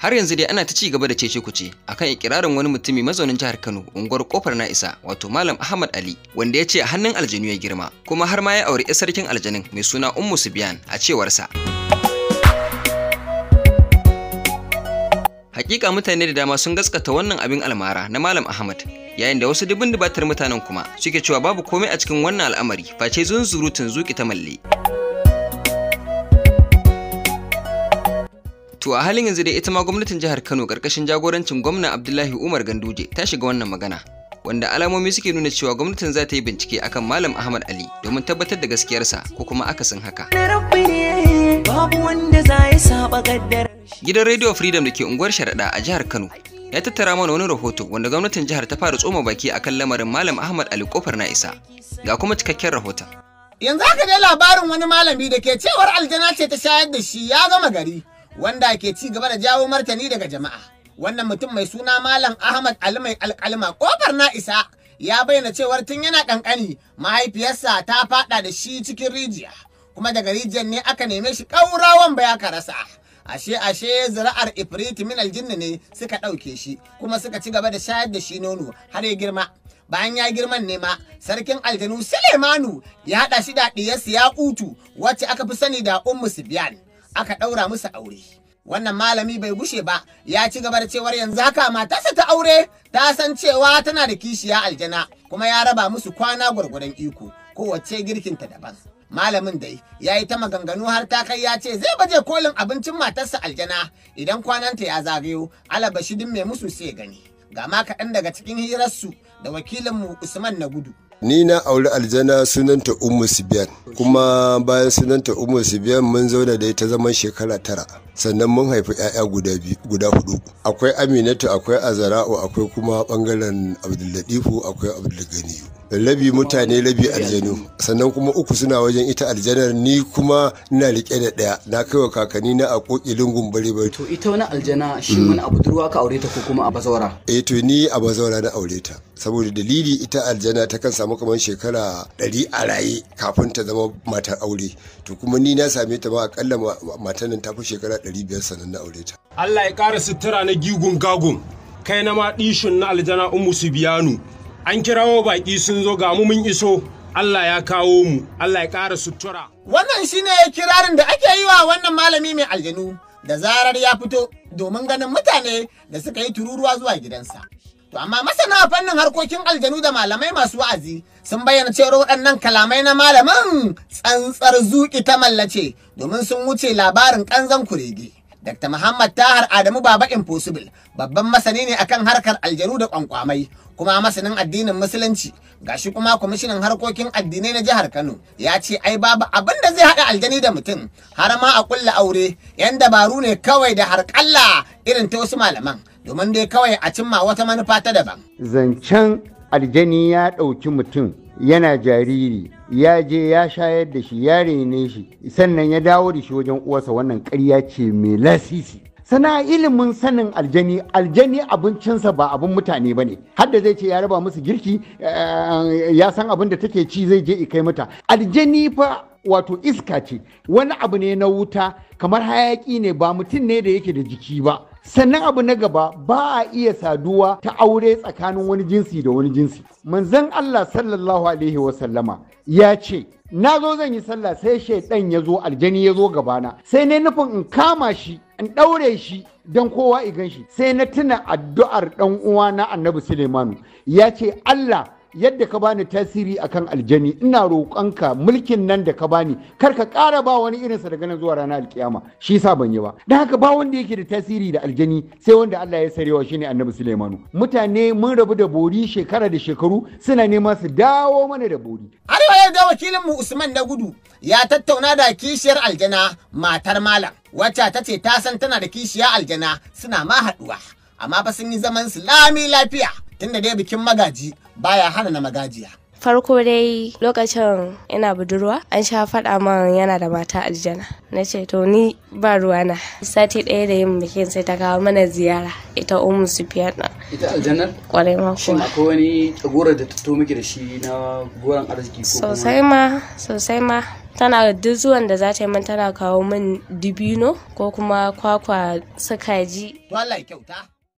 har yanzu dai ana ta ci gaba da cece kuce akan ikirarin wani mutumi mazaunin jihar Kano unguwar kofar na isa wato Malam Ahmad Ali wanda ya ce hannun aljanu ya girma kuma har ma ya auri 'yar sarkin aljanin mai suna Ummu Subiyan a cewarsa. Hakika mutane da dama sun gaskata wannan abin almara na Malam Ahmad yayin da wasu dubin dubatar mutanen kuma suke cewa babu komai a cikin wannan al'amari face zunzurutun zuki ta malle. To a halin yanzu dai ita ma gwamnatin jihar Kano karkashin jagorancin gwamna Abdullahi Umar Ganduje ta shiga wannan magana. Wanda alamomi suke nuna cewa gwamnatin za ta yi bincike akan Malam Ahmad Ali domin tabbatar da gaskiyarsa ko kuma akasin haka. Gidan Radio Freedom da ke unguwar Sharaɗa a jihar Kano ya tattara mana wani rahoto wanda gwamnatin jihar ta fara tsoma baki akan lamarin Malam Ahmad Ali Kofar na isa. Ga kuma cikakken rahoton. Yanzu haka dai labarin wani malami da ke cewar aljana ce ta shayar da shi ya gama gari. wanda ke ci gaba da jawo martani daga jama'a wannan mutum mai suna malam ahmad ali mai alkalma kofar na isa ya bayyana cewar tun yana kankani mahaifiyarsa ta fada da shi cikin rijiya kuma daga rijiyar ne aka neme shi kaurawan baya ka rasa ashe ashe zira'ar ifrit min aljinna ne suka ɗauke shi kuma suka ci gaba da shayar da shi nono har ya girma bayan ya girman ne ma sarkin aljanu sulemanu ya haɗa shi da ɗiyarsa ya kutu wacce aka fi sani da ummu sibiyan aka ɗaura musu aure wannan malami bai gushe ba ya ci gaba da cewar yanzu haka matarsa ta aure ta san cewa tana da kishiya aljana kuma ya raba musu kwana gwargwadon iko kowace girkinta daban malamin dai ya yi ta maganganu har ta kai ya ce zai baje kolin abincin matarsa aljana idan kwananta ya zagayo alabashi din mai musu sai gani Gama kaɗan daga cikin hirarsu da wakilinmu Usman na gudu. Ni na auri aljana sunanta Ummu Sibiyan kuma bayan sunanta Ummu Sibiyan mun zauna da ita zaman shekara tara sannan mun haifi 'ya'ya guda guda hudu akwai Aminatu akwai Azara'u akwai kuma bangaren abdullatifu akwai Abdulganiyu labi mutane labi aljanu sannan kuma uku suna wajen ita aljanar ni kuma ina rike da daya na kaiwa kakanni na a kokilin gumbare bari to ita wani aljana shi wani abu durwa ka aure ta ko kuma a bazawara eh to ni a bazawara na aure ta saboda dalili ita aljana ta kan samu kamar shekara ɗari a raye kafin ta zama matar aure to kuma ni na same ta ba akalla matar nan ta fi shekara ɗari biyar sannan na aure ta Allah ya ƙara sutura na gigun gagun kai na ma ɗishin na aljana umu su biyanu an kirawo baƙi sun zo ga mu mun iso Allah ya kawo mu Allah ya ƙara sutura wannan shine kirarin da ake yi wa wannan malami mai aljanu da zarar ya fito domin ganin mutane da suka yi tururuwa zuwa gidansa To amma masana fannin harkokin aljanu da malamai masu wa'azi sun bayyana cewar waɗannan kalamai na malamin tsantsar zuƙi ta mallace domin sun wuce labarin ƙanzan kurege. Dr. Muhammad Tahar Adamu Baba Impossible babban masani ne akan harkar aljaru da kwankwamai kuma masanin addinin musulunci gashi kuma kwamishinan harkokin addinai na jihar Kano ya ce ai babu abin da zai haɗa aljani da mutum har ma a kulla aure yan dabaru ne kawai da harƙalla irin ta wasu malaman domin dai kawai a cimma wata manufa ta daban. Zancen aljani ya ɗauki mutum yana jariri ya je ya shayar da shi ya rene shi sannan ya dawo da shi wajen uwarsa wannan karya ce mai lasisi sana ilimin sanin aljani aljani abincinsa ba abin mutane ba ne hadda zai ce ya raba musu girki eh, ya san abin da take ci zai je kai mata aljani fa wato iska ce wani abu ne na wuta kamar hayaki ne ba mutum ne da yake da jiki ba sannan abu na gaba ba a iya saduwa ta aure tsakanin wani jinsi da wani jinsi manzon Allah sallallahu alaihi wasallama ya ce na zo zan yi sallah sai shaidan ya zo aljani ya zo gabana sai ne nufin in kama shi in ɗaure shi don kowa i gan shi sai na tuna addu'ar ɗan uwa na annabi Suleimanu ya ce Allah yadda ka bani tasiri akan aljani ina roƙonka mulkin nan da ka bani kar ka ƙara ba wani irinsa daga nan zuwa ranar alkiyama shi sa ban yi ba dan haka ba wanda yake da tasiri da aljani sai wanda Allah ya sarewa shine Annabi Sulaimanu mutane mun rabu da bori shekara da shekaru suna neman su dawo mana da bori arewa ya da wakilin mu Usman da gudu ya tattauna da kishiyar aljana matar malam wacce ta ce ta san tana da kishiya aljana suna ma haɗuwa amma fa sun yi zaman su lami lafiya tunda dai bikin magaji baya hana na magajiya farko dai lokacin ina budurwa an sha faɗa man yana da mata aljana na ce to ni ba ruwana sati ɗaya da yin bikin sai ta kawo mana ziyara ita umu su ɗin ita aljanar kwarai ma kuma akwai wani tsagorar da ta miki da shi na goron arziki ko sosai ma sosai ma tana duk zuwan da za ta yi min tana kawo min dibino ko kuma kwakwa sukaji wallahi kyauta